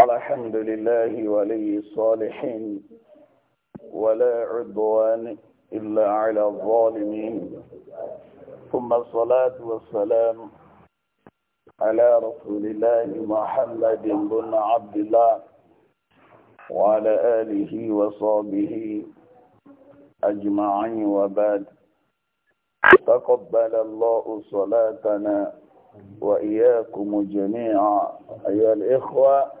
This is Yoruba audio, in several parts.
الحمد لله ولي الصالحين ولا عدوان إلا على الظالمين ثم الصلاة والسلام على رسول الله محمد بن عبد الله وعلى آله وصحبه أجمعين وبعد تقبل الله صلاتنا وإياكم جميعا أيها الإخوة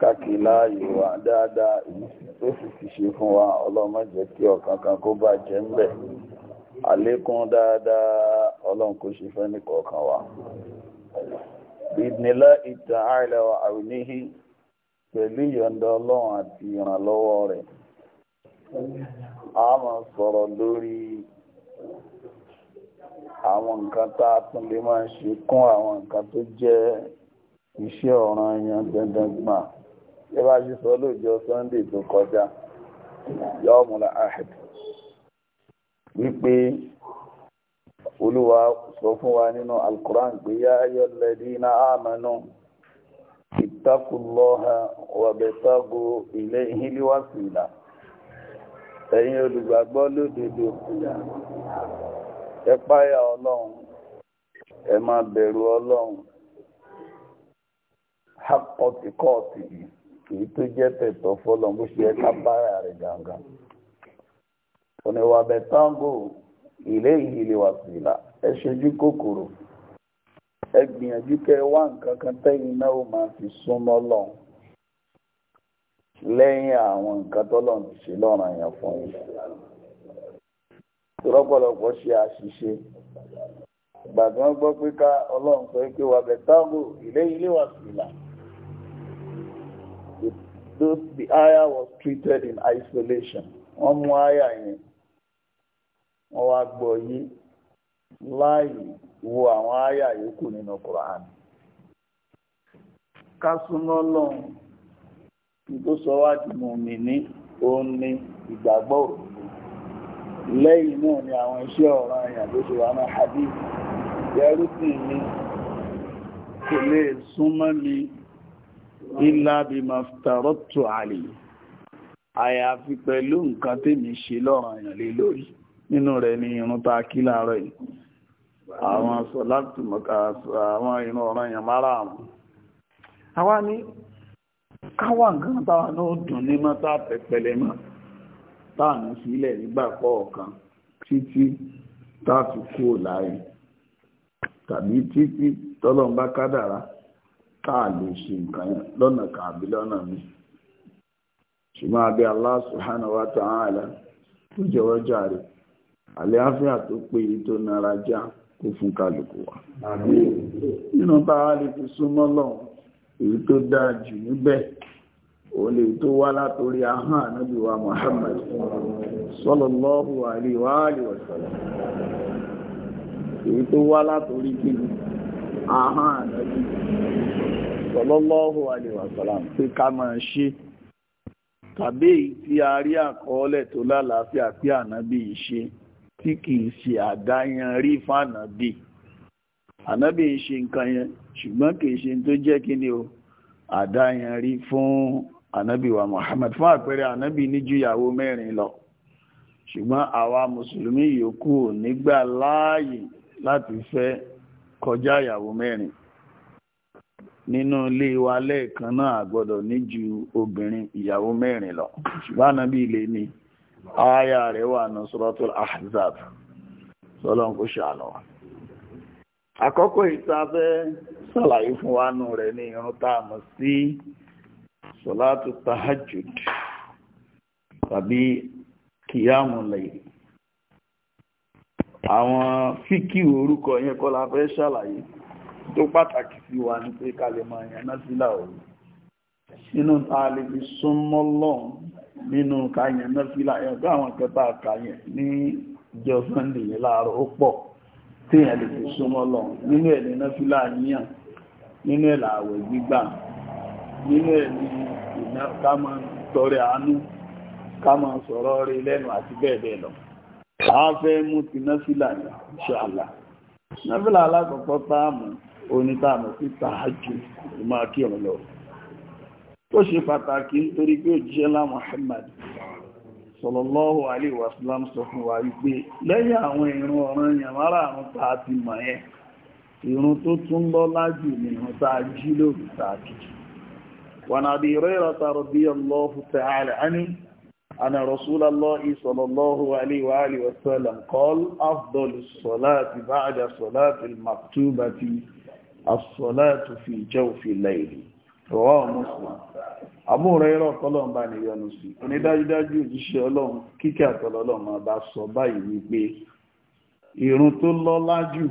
kákìlá ìwà dáadáa tó sì ṣe fún wa ọlọ́mọ jẹ́ kí ọ̀kan kó bá jẹ́ ń bẹ̀ àlékún dáadáa ọlọ́run kó ṣe fẹ́ ní kọ̀ọ̀kan wa ìdínlẹ̀ ìtàn a máa sọ̀rọ̀ lórí àwọn nǹkan tá a tún lè máa ṣe kún àwọn nǹkan tó jẹ́ iṣẹ́ ṣé bá ṣe sọ lóòjọ́ sunday tó kọjá yọ́ọ̀mùlá ahad wípé olúwa sọ fún wa nínú alkùrán pé yá ayọ́ lẹ́dí Ha àmànú ile wàbẹ̀tàgò ilé ìhìlíwàsílà ẹ̀yin olùgbàgbọ́ lódodo ẹ ọlọ́run ẹ máa bẹ̀rù ọlọ́run hápọ̀tìkọ́ọ̀tì yìí èyí tó jẹ́ tẹ̀tọ̀ fọlọ́n bó ṣe ká bára rẹ̀ gangan. oníwàbẹ̀ tango ilé ìhìlè wà sílá ẹ ṣojú kòkòrò ẹ gbìyànjú kẹ́ wá nǹkan kan tẹ́yìn náà ó máa fi súnmọ́ lọ́hùn lẹ́yìn àwọn nǹkan ṣe lọ́ràn yẹn fún yín. ṣe àṣìṣe tango ilé Those, the ayah was treated in isolation. ọmụ ayah yẹn. Wọ́n wá gbọ́ wo àwọn ayah Quran. Ká súnmọ́ lọ́hùn. Ìtò sọ wá di ni ìgbàgbọ́ òdodo. Lẹ́yìn náà ni àwọn iṣẹ́ ni kò illa bima aftaratu alayhi àyàfi pẹ̀lú nǹkan tèmi ṣe lọ́ranyàn lé lórí nínú rẹ̀ ni irun ta kí láàárọ̀ yìí àwọn sọ̀láàtù àwọn irun ọ̀ranyàn márààrún àwa ní káwà nǹkan táwa náà dùn ní mọ́tà pẹ̀pẹ̀lẹ̀ mọ́ táàmù sílẹ̀ nígbà kọ̀ọ̀kan títí táàfi kúrò láàrin tàbí títí tọ́lọ́mbá kádàrá táà lè nkan nǹkan lọ́nà kàbí lọ́nà mi ṣùgbọ́n abẹ́ Allah subhanahu wa tó jẹ́wọ́ jàre àlẹ́áfíà tó péye tó nara já kó fún kálukú wa. nínú bá a lè fi súnmọ́ lọ́hùn èyí tó dáa jù níbẹ̀ òun lè tó wá látòrí ahọ́n ànábì wa Muhammad sallallahu alaihi wa sallallahu alaihi wasallam pé ká máa ṣe tàbí èyí tí a rí àkọọ́lẹ̀ tó lálàáfíà pé ànábì ń ṣe tí kìí ṣe àdáyanrí fànàbì ànábì ń ṣe nǹkan yẹn ṣùgbọ́n kìí ṣe tó jẹ́ kí ni o àdáyanrí fún ànábì wa Muhammad fún àpẹẹrẹ ànábì ní ju ìyàwó mẹ́rin lọ ṣùgbọ́n àwa mùsùlùmí yòókù ò nígbà láàyè láti fẹ́ kọjá ìyàwó mẹ́rin nínú ilé wa lẹ́ẹ̀kan náà àgbọ́dọ̀ ní ju obìnrin ìyàwó mẹ́rin lọ ṣùgbọ́n ànábì ilé ni aya rẹ̀ wà ní suratul ahzab sọlọ́n kò ṣàánú wa. àkọ́kọ́ ìtafẹ́ sàlàyé fún wa nù rẹ̀ ní irun tá a mọ̀ sí sọlátù tahajjud tàbí kìyàmù àwọn fíkì orúkọ yẹn kọ́ la fẹ́ ṣàlàyé tó pàtàkì sí wa ní pé ká máa yàn nínú ta nínú ká yàn náà sílà ẹ̀gbọ́n àwọn kẹta ní ìjọ sunday yẹn láàárọ̀ ó pọ̀ nínú ẹ̀ gbígbà nínú ẹ̀ ní ìná ká máa lẹ́nu àti bẹ́ẹ̀ bẹ́ẹ̀ a fẹ́ mú ti onítàmù sí tààjù ìmá kí ọ̀rọ̀ lọ ó ṣe pàtàkì nítorí pé òjíṣẹ́ lá Muhammad sallallahu alaihi wasallam sọ fún wa wípé lẹ́yìn àwọn ìrun ọ̀ràn yàmárà àrùn tàà ti mọ̀ ẹ́ ìrun tó tún lọ́lá jù ní ìrun tàà jí lórí tàà kìí وعن أبي as-salatu fi jawfi layli rọwọ́ Muslim àbúrò ẹ̀rọ ọ̀pọ̀lọ́run bá ní yọnu sí onídájúdájú òjíṣẹ́ ọlọ́run kíkẹ́ àtọ̀lọ́lọ́run máa bá sọ báyìí wípé ìrun tó lọ́lá jù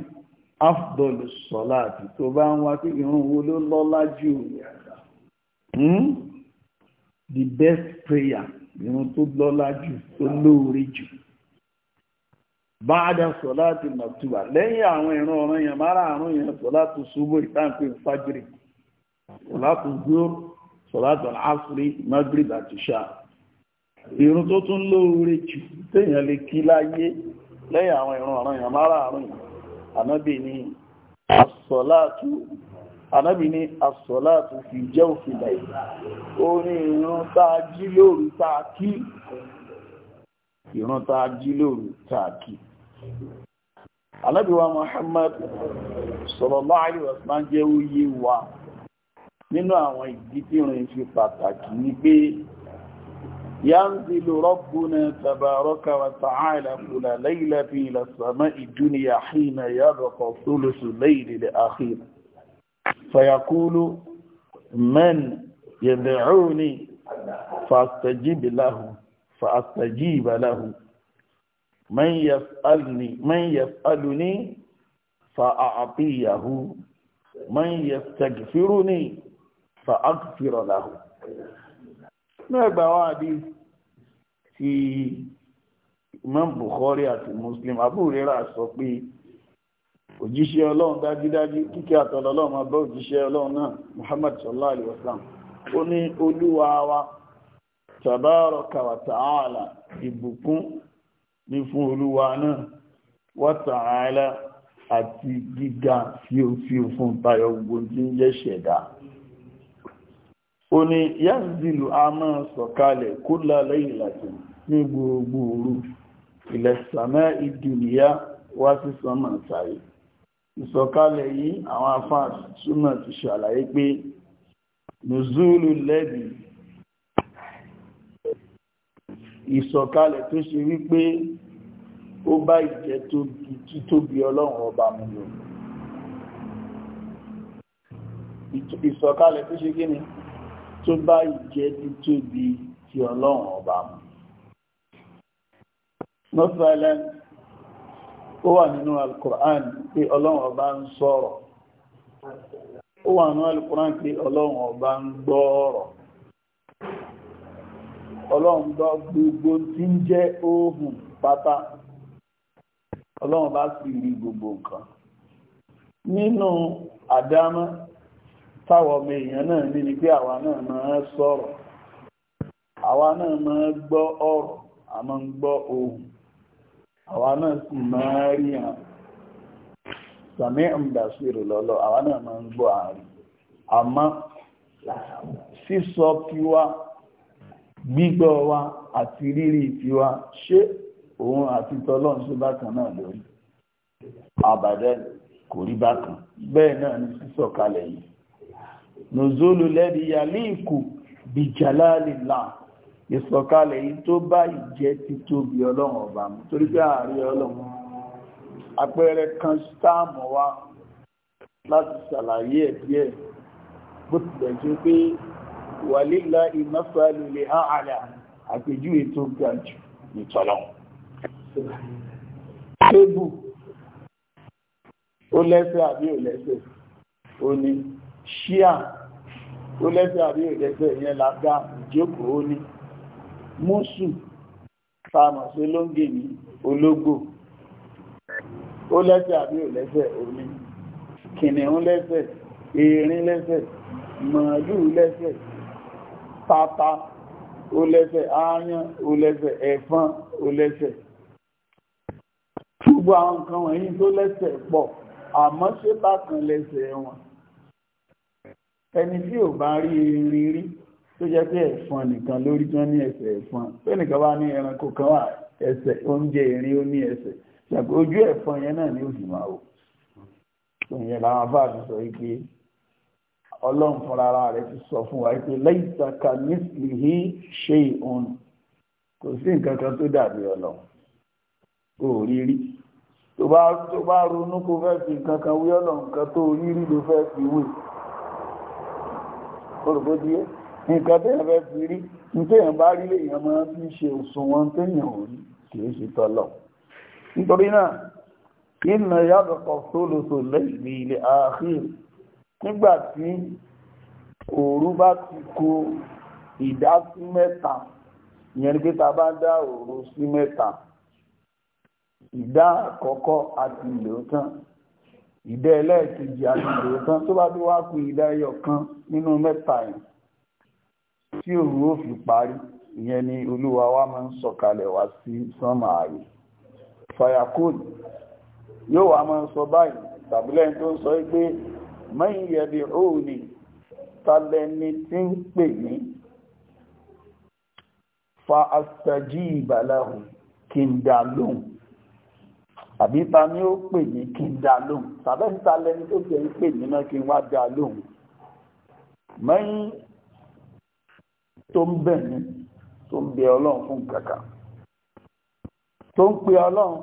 afdọ́lù sọ́lá tó bá ń wá pé ìrun wo ló lọ́lá jù hmm? the best prayer ìrun tó lọ́lá jù tó lóore jù báadà sọ̀láàtì màtúbà lẹ́yìn àwọn ìran ọ̀ràn yẹn mara àrùn yẹn sọ̀láàtì ṣubú ìtànpé fájírì sọ̀láàtì zuhr sọ̀láàtì asri magrib àti ṣá irun tó tún lóore jù téèyàn lè kí láyé lẹ́yìn àwọn ìran ọ̀ràn yẹn mara àrùn yẹn ànábì ní asọ̀láàtì ànábì ní asọ̀láàtì fi jẹ́ òfin lẹ́yìn ó ní irun tá a jí lóru tá a kí ìran tá a jí lóru tá a kí Ànábì wa Muhammad sallallahu alaihi wasallam jẹ́ òye wa nínú àwọn ìdí tí ìrìn fi pàtàkì ní pé ينزل ربنا تبارك وتعالى كل ليلة إلى السماء الدنيا حين يبقى ثلث الليل الأخير فيقول من يدعوني فاستجب له فأستجيب له من يسألني من يسألني فأعطيه من يستغفرني فأغفر له ما بوادي tí Imam Bukhari àti Muslim Abu Hurairah sọ pé òjíṣẹ́ Ọlọ́run dájúdájú kíkẹ́ àtọ̀lọ́lọ́run máa bá òjíṣẹ́ Ọlọ́run náà Muhammad sallallahu alaihi wasallam ó ní olúwa wa tabaraka wa ta'ala ìbùkún ní fún olúwa náà wa ta'ala àti gíga fíofíò fún tayọ gbogbo tí ń jẹ́ ṣẹ̀dá ó ní yanzilu a máa sọ̀kalẹ̀ kulla laylatin ní gbogbo òru ilẹ̀ sàmẹ́ ìdìníyà wá sí sánmà sáyé ìsọ̀kalẹ̀ yìí àwọn afáàsúmọ̀ ti ṣàlàyé pé nùzúlù lẹ́bìí ìsọ̀kalẹ̀ tó ṣe wípé ó bá ìjẹ́ títóbi ọlọ́run ọba mu lọ ìsọ̀kalẹ̀ tó ṣe gíní tó bá ìjẹ́ títóbi ti ọlọ́run ọba mu North Island ó wà nínú Al-Qur'an pé ọlọ́run ọba ń sọ̀rọ̀ ó wà nínú Al-Qur'an pé ọlọ́run ọba ń gbọ́ ọ̀rọ̀ ọlọ́run gbọ́ gbogbo tí ń jẹ́ ohun pátá ọlọ́run bá sì rí gbogbo nǹkan nínú àdámọ́ táwọn ọmọ èèyàn náà ní ni pé àwa náà máa sọ̀rọ̀ àwa náà máa gbọ́ ọ̀rọ̀ a máa ń gbọ́ ohun àwa náà sì máa rí hàn sàmì ìdásírò lọ́lọ́ àwa náà máa ń gbọ́ àárín àmọ́ sísọ tiwa gbígbọ́ wa àti rírí tiwa ṣé òun àti tọ́lọ́n ṣe bákan náà lórí àbàdẹ kò rí bákan bẹ́ẹ̀ náà ni sísọ̀kalẹ̀ yìí nùzúlù lẹ́dí yàlí ìkù bìjàlálìlà ìsọ̀kalẹ̀ yìí tó bá ìjẹ́ títóbi ọlọ́run ọba mú torí pé ààrẹ ọlọ́run àpẹẹrẹ kan sítáàmù wa láti ṣàlàyé ẹ̀ díẹ̀ bó tilẹ̀ jẹ́ pé wàlélà ìmọ́sàlù lè hàn àlà àpèjúwe tó ga jù nìtọ́lọ́ tébù ó lẹ́sẹ̀ àbí ò lẹ́sẹ̀ ó ní ṣíà ó lẹ́sẹ̀ àbí ò lẹ́sẹ̀ yẹn lága ìjókòó ó ní mùsù fàmọ̀ sí lóńgè ní ológbò ó lẹ́sẹ̀ àbí ò lẹ́sẹ̀ ó ní kìnìún lẹ́sẹ̀ erin lẹ́sẹ̀ màálù lẹ́sẹ̀ tata ó lẹ́sẹ̀ aáyán ó lẹ́sẹ̀ ẹ̀fọn ó lẹ́sẹ̀ gbogbo àwọn nǹkan wọ̀nyí tó lẹ́sẹ̀ pọ̀ àmọ́ ṣé bákan lẹ́sẹ̀ wọn ẹni tí ò bá rí erin rí tó jẹ́ pé ẹ̀fọn nìkan lórí tí wọ́n ní ẹsẹ̀ ẹ̀fọn tó nìkan bá ní ẹranko kan wà ẹsẹ̀ oúnjẹ erin ó ní ẹsẹ̀ ṣàpè ojú ẹ̀fọn yẹn náà ni ó sì máa wò òun yẹn làwọn afáàdù sọ wípé ọlọ́run fúnra ara rẹ̀ ti sọ fún wa pé laysa kamithlihi shay'un kò sí nǹkan kan tó dàbí ọlọ́run kò rí rí tó bá tó bá ronú kó fẹ́ fi nǹkan kan wí ọlọ́run kan tó rí rí ló fẹ́ fi wé olùbódìyẹ nǹkan téèyàn fẹ́ fi rí ntéèyàn bá rí lèèyàn máa fi ṣe òṣùwọ̀n téèyàn ò rí kì í ṣe tọ́lọ̀ nítorí náà inna yabqa thuluthu al-layli al-akhir nígbà tí òru bá ti kó ìdá sí mẹ́ta ìyẹn ni pé ta bá dá òru sí mẹ́ta ìdá àkọ́kọ́ àti ìlò tán ìdá ẹlẹ́ẹ̀kejì àti ìlò tán tó bá bí wá kú ìdá ẹyọ kan nínú mẹ́ta yìí tí òru ó fi parí ìyẹn ni olúwa wa máa ń sọ̀kalẹ̀ wá sí sánmà ààyè yóò wá máa ń sọ báyìí tàbí tó ń sọ pé man yad'uni talẹ́ni tí ń pè mí fa astajiba lahu kí n dá lóhùn àbí ta ni ó pè mí kí n dá lóhùn tàbí talẹ́ni tó jẹ́ ń pè mí náà wá dá lóhùn tó ń bẹ̀ mí tó ń bẹ ọlọ́run fún kàkà tó ń pè ọlọ́run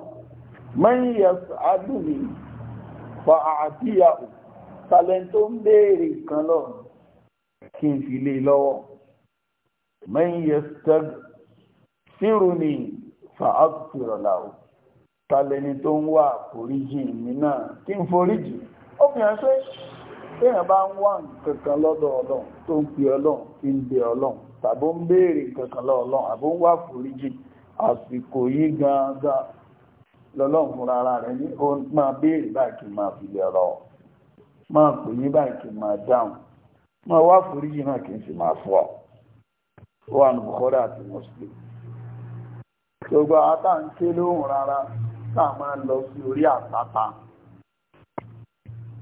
man yas'aluni fa a'tiyahu talent tó ń béèrè nǹkan lọ kí n fi lé e lọ́wọ́ mẹ́yìn yẹ stag sírù ni fàákùrọ̀lá o talẹni tó ń wá àforíjì mi náà kí n foríjì ó fi hàn pé téèyàn bá ń wá nǹkan lọ́dọ̀ ọlọ́run tó ń pe ọlọ́run kí ń bẹ ọlọ́run tàbí ń béèrè nǹkan kan àbó ń wá àforíjì àsìkò yìí gangan lọ́lọ́run fúnra rẹ̀ ní ó máa béèrè báyìí kí n máa fi lè rọ̀ máa pè ní báyìí kì máa dáhùn máa wá foríjì náà kì í sì máa fọ́ ọ wà ní Bukhari àti Muslim gbogbo àwọn tá à ń ké lóhùn rárá tá a máa lọ sí orí àpáta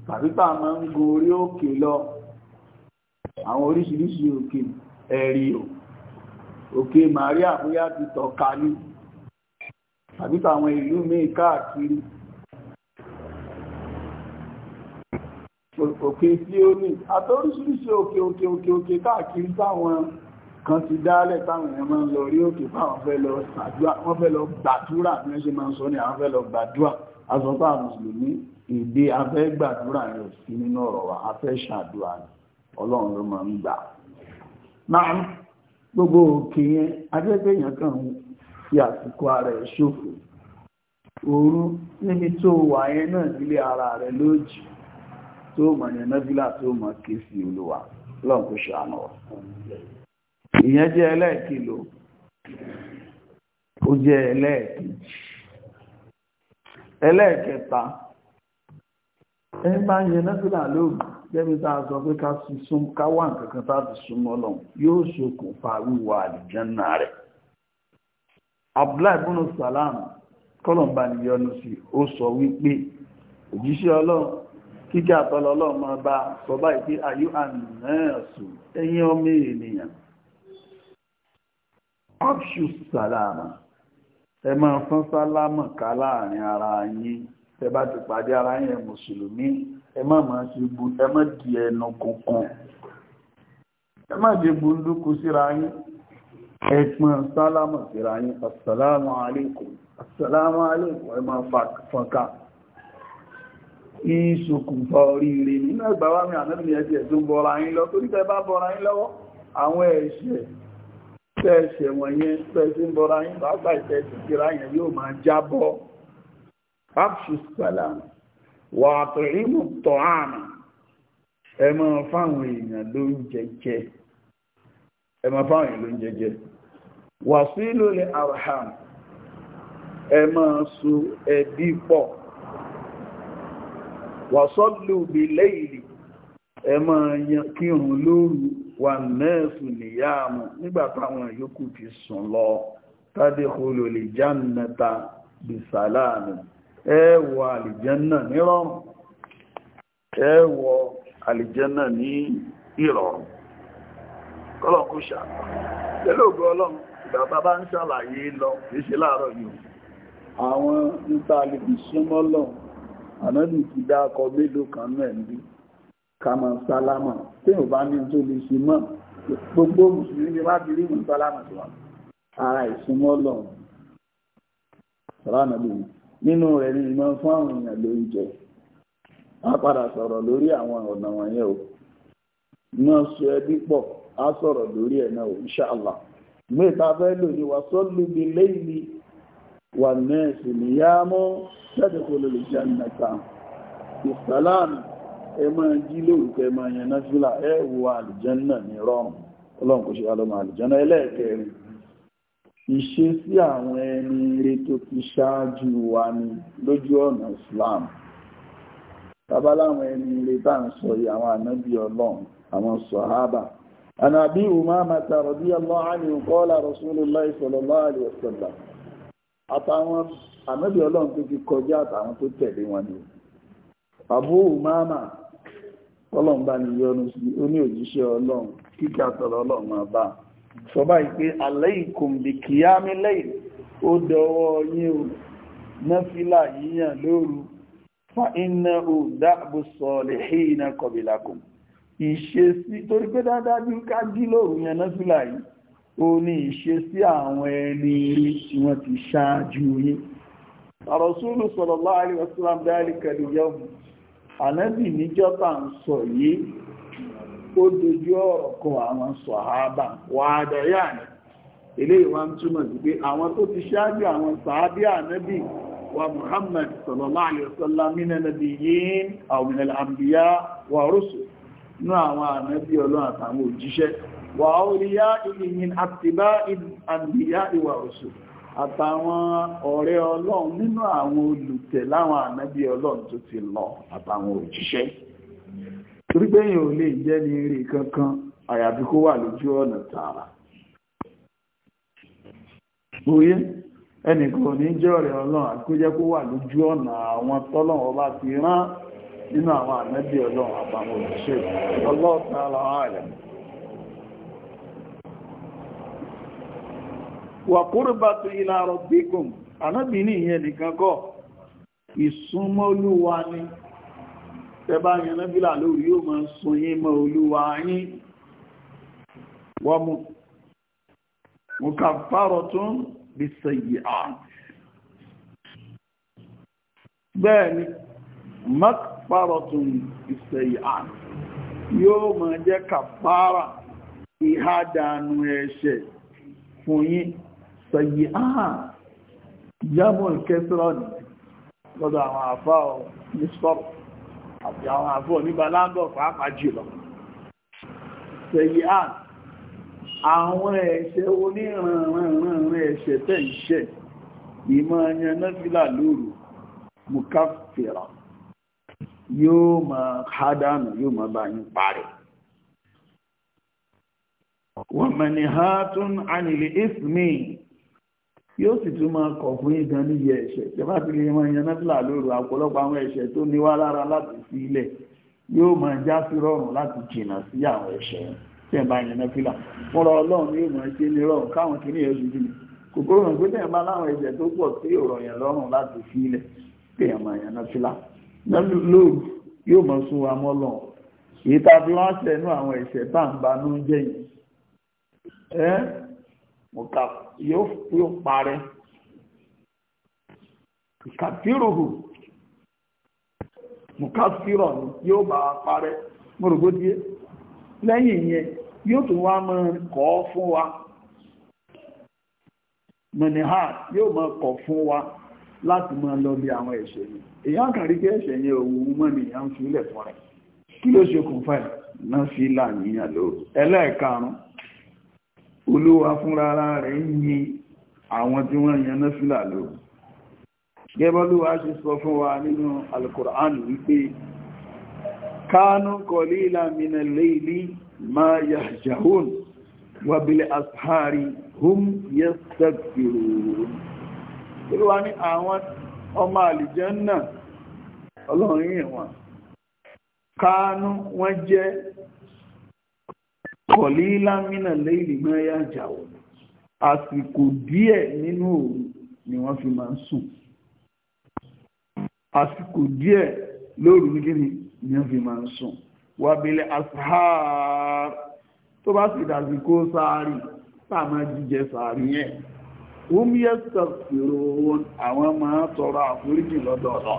tàbí tá a máa ń go orí òkè lọ àwọn oríṣiríṣi òkè ẹ̀rí o òkè Màríà bóyá ti tọ̀ka ní tàbí táwọn ìlú míì káàkiri òkè síónì àtọ́ríṣiríṣi òkè òkè òkè òkè káàkiri táwọn kan ti dálẹ̀ táwọn èèyàn máa ń lọ rí òkè fáwọn fẹ́ lọ gbàdúrà wọ́n fẹ́ lọ gbàdúrà bí wọ́n ṣe máa ń sọ ní àwọn fẹ́ lọ gbàdúrà asọ́pá mùsùlùmí èdè afẹ́ gbàdúrà rẹ̀ sí nínú ọ̀rọ̀ wa afẹ́ ṣàdúrà ni ọlọ́run ló máa ń gbà náà gbogbo òkè yẹn ajẹ́gbẹ́ èèyàn kan fi àsìkò ara ẹ̀ tó mọ̀ yẹn nẹ́bílà tó mọ̀ ké sí olúwa lọ́n kó ṣàánú wa ìyẹn jẹ́ ẹlẹ́ẹ̀kìlò ó jẹ́ ẹlẹ́ẹ̀kejì ẹlẹ́ẹ̀kẹta ẹni bá ń yẹ nẹ́bílà lóògùn jẹ́bi tá a sọ pé ká sún ká wà nǹkan kan tá a ti súnmọ́ lọ́n yóò ṣokùnfà wíwà àlìjẹ́nà rẹ̀ abdullahi bunu salam kọlọmba niyọnu sí ó sọ wípé òjíṣẹ́ ọlọ́run kíkẹ́ àtọ́lọ́lọ́ máa bá sọ báyìí pé ayú àmìnàṣù ẹ̀yin ọmọ ènìyàn ọ́pṣù sàlámà ẹ máa fún sálámà ká láàrin ara yín ẹ bá ti pàdé ara yín mùsùlùmí ẹ má máa ti bu ẹ má di ẹnu kankan ẹ má di bundúkú síra yín ẹ pọn sálámà síra yín assalamu alaikum assalamu alaikum ẹ máa fọ́nká ìṣokùnfà oríire nínú ẹgbàwà mi ànábìnrin ẹ̀sẹ̀ tó bọ́ra yín lọ torí tẹ́ bá bọ́ra yín lọ́wọ́ àwọn ẹ̀ṣẹ̀ tẹ́ẹ̀ṣẹ̀ wọ̀nyẹn tẹ́ẹ̀ṣẹ̀ ń bọ́ra yín pàápàá ìtẹ́ẹ̀ṣẹ̀ kíra yẹn yóò máa jábọ́ abṣùsàlám wà àtọ̀rímù tọ̀hánà ẹ máa fáwọn èèyàn ló arham ẹ máa so pọ̀ wàsọ́lù bí lẹ́yìnlì ẹ máa yan kírun lóru wà nẹ́ẹ̀sù nìyáàmù nígbà táwọn yòókù ti sùn lọ tàbí kòlò lè jánata bí sàlámù ẹ wọ àlìjánà nírọ̀rùn ẹ wọ ní ìrọ̀rùn kọ́lọ̀ kó pẹ̀lú ògbó ọlọ́run ànábì ti dá ọkọ̀ mélòó kan náà níbi kàmọ̀ sálámà tí ò bá ní tó lè ṣe mọ́ gbogbo mùsùlùmí ni wá ti rí mọ̀ sálámà tó wà ara ìsúnmọ́ lọ́wọ́ sọ́lánà lórí nínú rẹ̀ ni ìmọ̀ fún àwọn èèyàn lóúnjẹ wọ́n padà sọ̀rọ̀ lórí àwọn ọ̀nà wọ̀nyẹn o iná sọ ẹbí pọ̀ á sọ̀rọ̀ lórí ẹ̀ náà o inṣàlá ìgbé ìta fẹ́ lò ní wàásù lùbí lẹ́yìn والناس نيام تدخل الجنة بالسلام ẹmọ jílò ìkẹ ma yẹn náà fílà ẹwọ àlìjẹ́nà ní rọrùn ọlọ́run kò ṣe alọ́mọ àlìjẹ́nà ẹlẹ́ẹ̀kẹrin ìṣe sí àwọn ẹni rere tó ti ṣáájú wa ni lójú ọ̀nà Islam tabaláwọn ẹni rere bá ń sọ yìí àwọn ànábì الله àwọn sọ̀hábà ànàbí umamata àtàwọn ànábì ọlọ́run tó ti kọjá àtàwọn tó tẹ̀lé wọn ni Abu Umama ọlọ́run bá ní yọ́nú sí oní òjíṣẹ́ ọlọ́run kíkà tọ̀rọ̀ ọlọ́run máa bá sọ báyìí pé alaykum bi qiyamil layl ó dọwọ́ yín o náfílà yíyàn lóru fa innahu da'bu salihina qabilakum ìṣesí torí pé dáadáa bí ká jí lóru yẹn náfílà yìí ó ní ìṣe sí àwọn ẹni rí tí wọ́n ti ṣáájú yín àrọ̀súlù sallallahu alaihi wasallam dhalika al-yawm ànábì níjọ́ta ń sọ yìí ó dojú ọ̀rọ̀ kọ àwọn sọ̀hábà wà dẹ̀yà ní ilé ìwà ń túmọ̀ sí pé àwọn tó ti ṣáájú àwọn Wa وأوليائه من أتباع iwa والرسل àtàwọn ọ̀rẹ́ ọlọ́run nínú àwọn olùtẹ̀ láwọn ànábí ọlọ́run tó ti lọ àtàwọn òjíṣẹ́ torí ò lè jẹ́ ní eré kankan àyàbí kó wà lójú ọ̀nà tààrà ẹnìkan ò ní jẹ́ ọ̀rẹ́ ọlọ́run àkójẹ́ kó wà lójú ọba ti rán nínú àwọn ànábí ọlọ́run àtàwọn òjíṣẹ́ wa kuruba to ànábì ní ìyẹn nìkan kọ́ ìsúnmọ́ ni tẹbá yẹn nábílà lórí yóò máa sun yín mọ́ olúwa yín wọ́n mú tún àti bẹ́ẹ̀ ni mọ́kàfàrọ̀ tún bí sẹ́yì àti yóò máa jẹ́ kàfàrà ẹ̀ṣẹ̀ fún yín sọ̀yí áhà jámù kẹsìrọ̀ ní lọ́dọ̀ àwọn àfá ọ̀ ní sọ́rọ̀ àti àwọn àfọ́ nígbà lágbọ̀ pàápàá jùlọ sọ̀yí áhà àwọn ẹ̀ṣẹ̀ oníranranran ẹ̀ṣẹ̀ tẹ́ ìṣẹ́ ìmọ̀ ẹ̀yẹn náfílà lóru mukafira yóò máa hádánù yóò máa bá yín parí wọ́n mẹ́ni hátún ánìlè yóò sì tún máa kọ̀ fún ìgan níyì ẹ̀ṣẹ̀ ìjọba ti lè máa yan náfìlà lóru ọ̀pọ̀lọpọ̀ àwọn ẹ̀ṣẹ̀ tó ní wá lára láti fi ilẹ̀ yóò máa já sí rọrùn láti jìnnà sí àwọn ẹ̀ṣẹ̀ tí ẹ̀ bá yan náfìlà fúnra ọlọ́run yóò máa ṣe ní rọrùn káwọn kìíní yẹn ṣojú mi kòkòrò yẹn lọ́rùn láti fi ilẹ̀ ẹ̀ mọ̀ká yóò parẹ́ ìkàfíròhù mọ̀káfírọ̀ ni yóò bá parẹ́ mọ̀rọ̀gbódíé lẹ́yìn ìyẹn yóò tún wá mọ́ kọ́ fún wa yóò mọ́ fún wa láti mọ́ lọ bí àwọn ẹ̀ṣẹ̀ yìí èyàn ẹ̀ṣẹ̀ yẹn òun mọ́ ni ìyàn fi rẹ̀ kí ló olówó fúnra ara rẹ̀ ń yin àwọn tí wọ́n yan náfìlà lò gẹ́bọ́lúwà ṣe sọ fún wa nínú alkùránì wípé kánú kọlí ìlàmìnà léìlì máa yahjahun wàbílẹ̀ ashari hum yastaghfirun olúwa kọ̀lí lámínà lẹ́yìn náà yà jà ò àsìkò díẹ̀ nínú òru ni wọ́n fi máa ń sùn àsìkò díẹ̀ lóru ní ni wọ́n fi máa ń sùn wàbílẹ̀ asahar tó bá sì dàsìkò sáárì táà máa jíjẹ sáárì yẹn wọ́n yẹ́ sọ̀rọ̀ àwọn máa tọrọ àforíjì lọ́dọọdọ.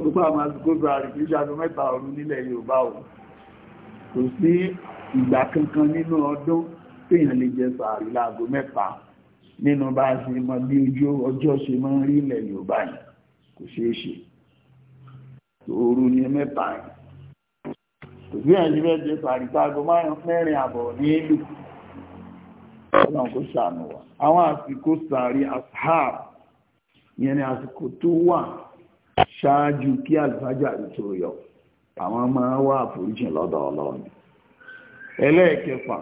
Ó pàmà àsìkò sáárì kìí ṣe àdó mẹ́ta ọ̀run nílẹ̀ Yorùbá òun kò sí ìgbà kankan nínú ọdún téèyàn lè jẹ sàárì láago mẹ́fà nínú bá a ṣe mọ bí ojú ọjọ́ ṣe máa ń rí ilẹ̀ Yorùbá yìí kò ṣeé ṣe òru ni mẹ́ta yìí kò sí ẹ̀yìn bẹ́ẹ̀ jẹ sàárì sáago mẹ́rin àbọ̀ ní ìlú ọlọ́run kò ṣàánú wa àwọn àsìkò sàárì ashab ìyẹn ni àsìkò tó wà ṣáájú kí àlùfájà rí tó àwọn máa wá àforíjì lọ́dọ̀ ọlọ́run ẹlẹ́ẹ̀kẹfà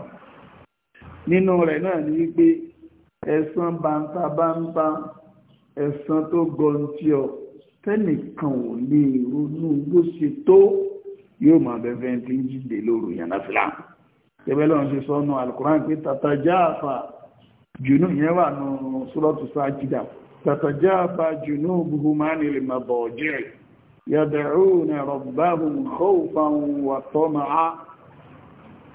nínú rẹ̀ náà ni wípé ẹ̀san bántabántá ẹ̀san tó gọntí ọ tẹ́nìkan ò lè ronú bó ṣe tó yóò máa bẹ̀fẹ́ tí ń jíde lóru yànnáfìlà tẹ́bẹ́ lọ́run ṣe sọ́nù alukuran pé tata jáàfà jùnú yẹn wà nù sọ́lọ́tù sáájídà tata jáàfà jùnú buhumani lè máa bọ̀ ọ̀jẹ́rì يدعون ربهم خوفا وطمعا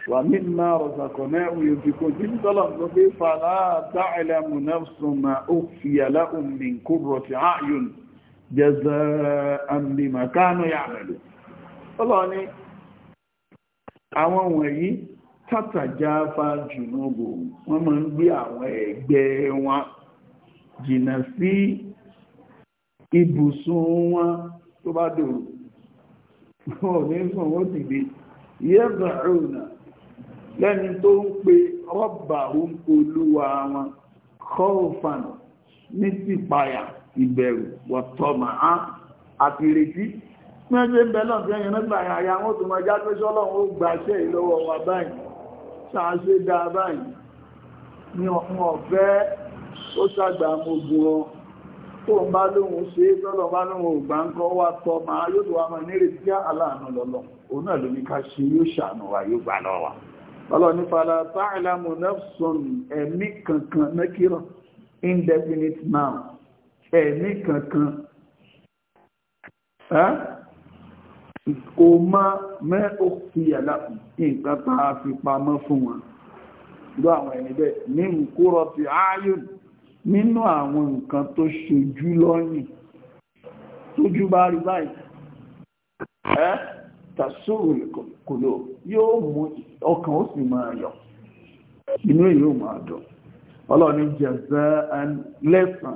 ومما رزقناه ينفقون جنت الله فلا تعلم نفس ما أخفي لهم من قرة عين جزاء بما كانوا يعملون الله ni àwọn wọ̀nyí tàtàjáfà jùnúbò wọ́n máa ń gbé àwọn ẹ̀gbẹ́ wọn jìnnà sí ibùsùn wọn tó bá dòrò wọn ò ní sùn wọ́n ti gbé yẹ́bà ọ̀nà lẹ́ni tó ń pe rọ́bà òun olúwa wọn kọ́ọ̀fàn ní tìpayà ìbẹ̀rù wọ̀tọ̀mà á àti ìrètí ní ọjọ́ ń bẹ náà fi ẹyìn nígbà àyà wọn tó máa jáde sọ́lọ́run ó gbàṣẹ́ ìlọ́wọ́ wa báyìí ṣàṣẹ́ dáa báyìí ní ọ̀fẹ́ ó ṣàgbà mogun ọ tó ń bá lóhun ṣe tọ́lọ̀ bá lóhun ògbà ń kọ́ wá tọ́ máa yóò tó wá máa nírè tí aláàánú lọ́lọ́ òun náà ló ní ká ṣe yóò ṣàánú wa yóò gbà lọ wa lọ́lọ́ ní fala ta'lamu nafsun ẹ̀mí kankan nakira indefinite now ẹ̀mí kankan kò má mẹ́ ó fi àlá nǹkan tá a fi pamọ́ fún wọn lọ àwọn ẹni bẹ́ẹ̀ ní nkúrọ̀ ti áyùn nínú àwọn nǹkan tó ṣojú lọ́yìn tójú bá rí báyìí ẹ́ tàṣóòrò kòlò yóò mú ọkàn ó sì máa yọ inú èyí ò máa dùn ọlọ́ni jẹ̀zẹ́ lẹ́sàn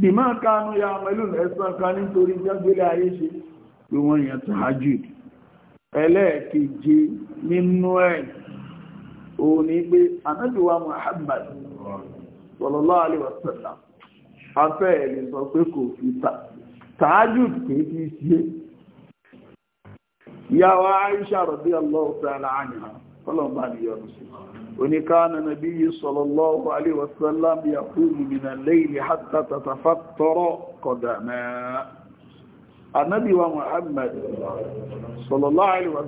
bí máa kánú ya pẹ̀lú lẹ́sàn kan nítorí jẹ́gbélé ayé ṣe pé wọ́n yẹn tàájù ẹlẹ́ẹ̀keje nínú ẹ̀ òun ni pé anábìwá Muhammad sallallahu alaihi wasallam afẹ́ ẹ̀rí sọ pé kò fi tahajjud kì í fi ṣe ìyàwó Aisha radiyallahu ta'ala anha kọlọ̀mbà ni yọrù sí oníkánà nàbí sallallahu alaihi wasallam yaqumu min al-layli hatta tatafattara qadamahu Ànábì wa Muhammad sallallahu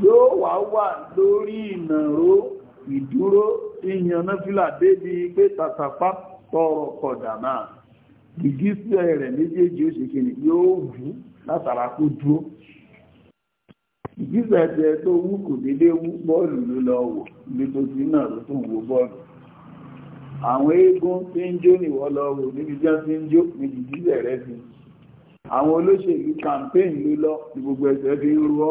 yóò wà wà lórí ìnàró ìdúró ìyànnáfílà débi pé tàtàpá tọrọ kọ̀dà máa gìgísẹ̀ rẹ̀ méjèèjì ó yóò wú látara kó dúró ìgbésẹ̀ jẹ tó wú kò dédé wú bọọlù ló lọ wò tó ti náà ló tún àwọn eégún tí ń jó lọ wò níbi tí ń jó ní àwọn olóṣèlú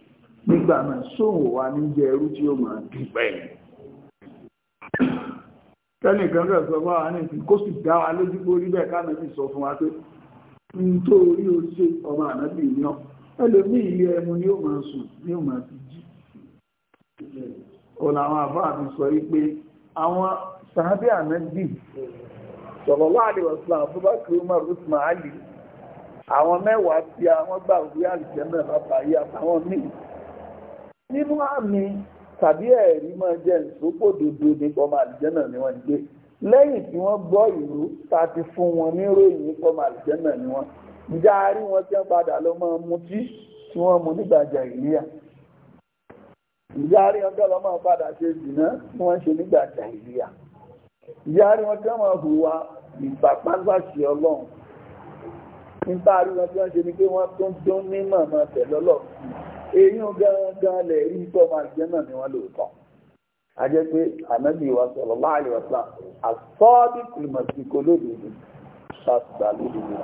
nígbà náà sóhùn wa ní jẹ ẹrú tí ó máa dúpẹ́ kẹ́nìkan rẹ̀ sọ fún àwọn ẹ̀sìn kó sì dá wa lójú pé orí bẹ́ẹ̀ káàmì sì sọ fún wa pé nítorí ó ṣe ọmọ ànábì ní ọ ẹlòmíì ilé ẹmu ni ó máa sùn ni ó máa fi jí òun àwọn àbá àti sọ wípé àwọn sàábì ànábì sọ̀rọ̀ láàrin ọ̀sán àbúbákì umar usman ali àwọn mẹ́wàá tí àwọn gbà wí àlùjẹ́ mẹ́wàá báyìí àtàwọn míì nínú àmì tàbí ẹ̀rí máa jẹ́ ìsopọ̀ dodo nípa ọmọ àlùjẹ́nà ni wọ́n gbé lẹ́yìn tí wọ́n gbọ́ ìlú ta ti fún wọn ní ròyìn nípa ọmọ àlùjẹ́nà ni wọ́n ìjà àárín wọn tí wọ́n padà lọ máa mutí tí wọ́n mu nígbà jàìlíyà ìjà àárín wọn tí wọ́n máa padà ṣe dìná tí wọ́n ṣe nígbà jàìlíyà ìjà àárín wọn tí wọ́n máa hùwà ìpàpásáṣì ọlọ́run nípa àárín wọn tí wọ́n ṣe ni pé wọ́n tún dún ní mọ̀ọ́mọ́ tẹ̀lọ́lọ́ọ̀ èyàn gángan lè rí tọ́mọ àjẹ́nà ni wọ́n lóòótọ́ a jẹ́ pé ànábì wa sọ̀rọ̀ láàrin ọ̀sà àsọ́ọ́dí kìlìmọ̀síkò lódodo ṣàtìgbà lódodo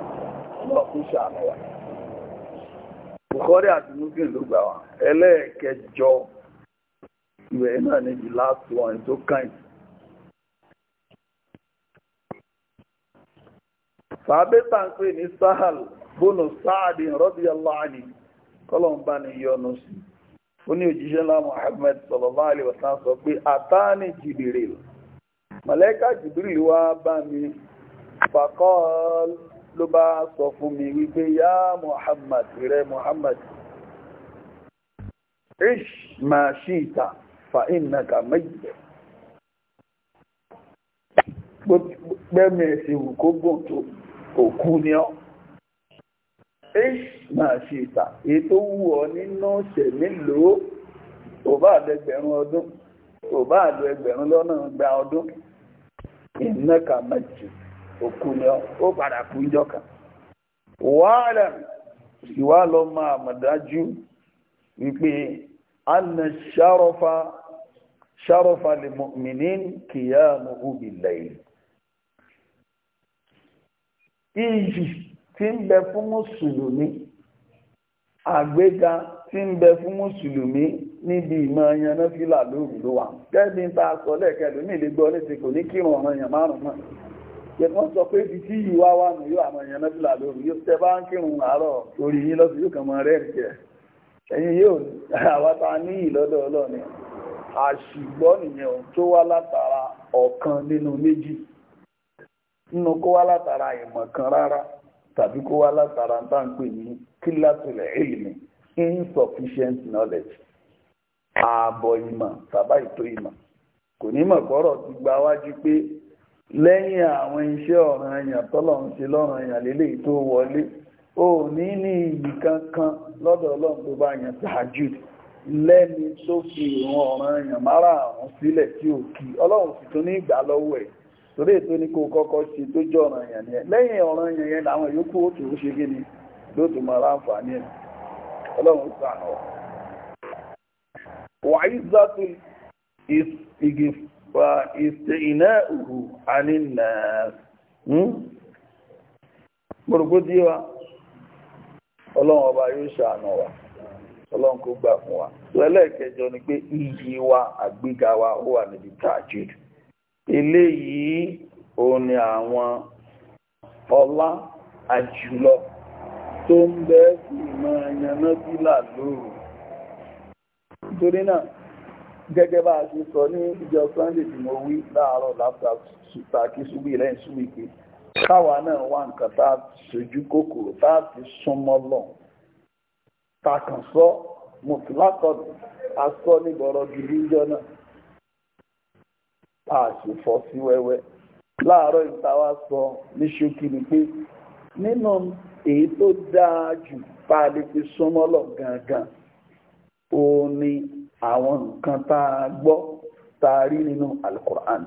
lọ́ọ̀kú ṣàánú wa. Bukhari àti Muslim ló gbà wá ẹlẹ́ẹ̀kẹjọ náà the last one tó kàn ní sahal bónú sáàdì Kọlọm bá ní yọnu sí ó ní òjíṣẹ́ ńlá Muhammad sallallahu re wasallam sọ pé àtàní Jibril Jibril wá bá mi fàkọ́ọ́l ló bá sọ fún mi wípé yá Muhammad rẹ ish ma ṣíta fa in mayyit gbẹ́mẹ̀ẹ́sì wù kó gbọ́n òkú ni ish máa ṣe ìta èyí tó wù ọ nínú ṣẹ̀ mélòó kò bá àdó ẹgbẹ̀rún ọdún kò bá àdó ẹgbẹ̀rún lọ́nà gba ọdún ìnáka méjì òkú ni ó padà kú ìjọ kan wàhálà ìwà lọ máa mọ̀dájú wípé anna ṣàròfà ṣàròfà lil mu'minin qiyamuhu bil layl. Iyì tí ń bẹ fún mùsùlùmí àgbéga tí ń bẹ fún mùsùlùmí níbi ìmọ̀ ẹyànná fílà lóru ló wà ta sọ lẹ́ẹ̀kẹ́lú ní ìlẹ́gbẹ́ kò ní kírun ọ̀ràn èèyàn márùn-ún náà yẹ̀kan sọ pé ibi tí yìí wá wà nù yóò àmọ̀ fílà yóò tẹ́ bá ń kírun orí yín lọ́sùn yóò kàn mọ́ rẹ́ ẹ̀yin yóò ọlọ́ni àṣìgbọ́ nìyẹn tó wá látara ọ̀kan nínú méjì nínú kó wá látara ìmọ̀ kan rárá tàbí kó wá látara tá ń pè ní kílátùlẹ̀ ìlmi insufficient knowledge ààbọ̀ ìmọ̀ tàbá ètò ìmọ̀ kò ní mọ̀ kọ́rọ̀ ti gba wájú pé lẹ́yìn àwọn iṣẹ́ ọ̀ranyàn tọ́lọ̀ ń ṣe lọ́ranyàn lélẹ́yìí tó wọlé o ní ní iyì kankan lọ́dọ̀ ọlọ́run tó bá yàn tahajjud lẹ́ni tó fi ìran ọ̀ranyàn márààrún sílẹ̀ tí ò kí ọlọ́run sì tún ní ìgbà lọ́wọ́ ẹ̀ torí ètò ní kó kọ́kọ́ sí tó jọ ọ̀ràn yẹn yẹn lẹ́yìn ọ̀ràn yẹn yẹn làwọn yòókù ó tún ṣe kí ló tún máa láǹfààní ẹ̀ ọlọ́run sànà wàyí zátú ìsìnà òhù wa ọlọ́run ọba yóò ṣàánú wa ọlọ́run kó gbà fún wa tó ni pé iyì wa àgbéga wa ó wà níbi eléyìí òun ni àwọn ọlá àjùlọ tó ń bẹ ìmọ̀ yanábílà lóru nítorí náà gẹ́gẹ́ bá a ṣe sọ ní ìjọ sunday tí mo wí láàárọ̀ láfta sùta kí súbì lẹ́yìn súbì pé káwa náà wá nǹkan tá a ṣojú kòkòrò tá a ti súnmọ́ lọ ta sọ mùtìlákọ̀dù a sọ nígbọ̀rọ̀ gidi ìjọ náà a sì fọ́ sí wẹ́wẹ́ láàárọ̀ ìtawà sọ ní ṣókí ni pé nínú èyí tó dáa jù bá a lè fi súnmọ́ lọ gangan ó ní àwọn nǹkan tá a gbọ́ tá a rí nínú alukur'an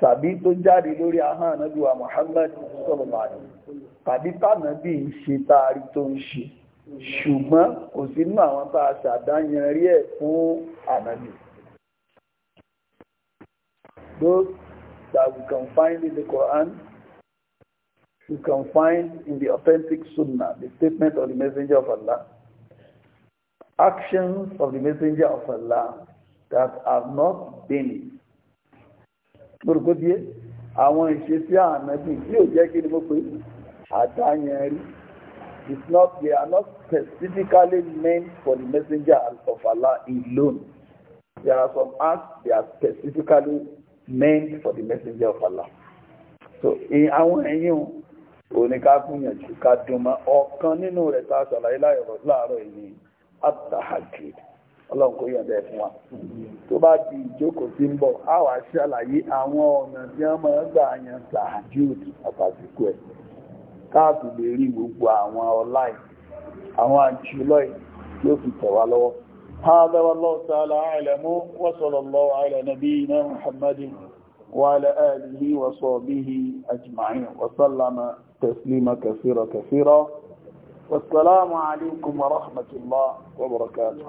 tàbí tó jáde lórí ahọ́n anábíwá Muhammad sallallahu alaihi tàbí tànàbí ń ṣe tá a rí tó ń ṣe ṣùgbọ́n kò sínú àwọn tá a ṣàdáyan rí ẹ̀ fún ànábì those that we can find in the Quran, we can find in the authentic Sunnah, the statement of the Messenger of Allah. Actions of the Messenger of Allah that have not been. Gbogbo àwọn ìṣesí ànábì tí ò jẹ́ kí ni mo pè àdáyẹnrí it's not they are not specifically meant for the messenger of Allah alone there are some acts they are specifically meant for the messenger of Allah. So àwọn ẹ̀yìn oníkákúnyànjú ká dúnmọ́ ọ̀kan nínú rẹ̀ tá a ṣàlàyé láàárọ̀ ìní at-tahajjud ọlọ́run kò yọ̀ǹda ẹ̀ fún wa tó bá di ìjókòó tí ń bọ̀ a wá ṣàlàyé àwọn ọ̀nà tí wọ́n máa ń gbà yan tahajjud àtàsìkò ẹ̀ káàtì lè rí gbogbo àwọn ọlá àwọn àjùlọ yóò fi tẹ̀ wá lọ́wọ́ هذا والله تعالى أعلم وصلى الله على نبينا محمد وعلى آله وصحبه أجمعين وسلم تسليما كثيرا كثيرا والسلام عليكم ورحمة الله وبركاته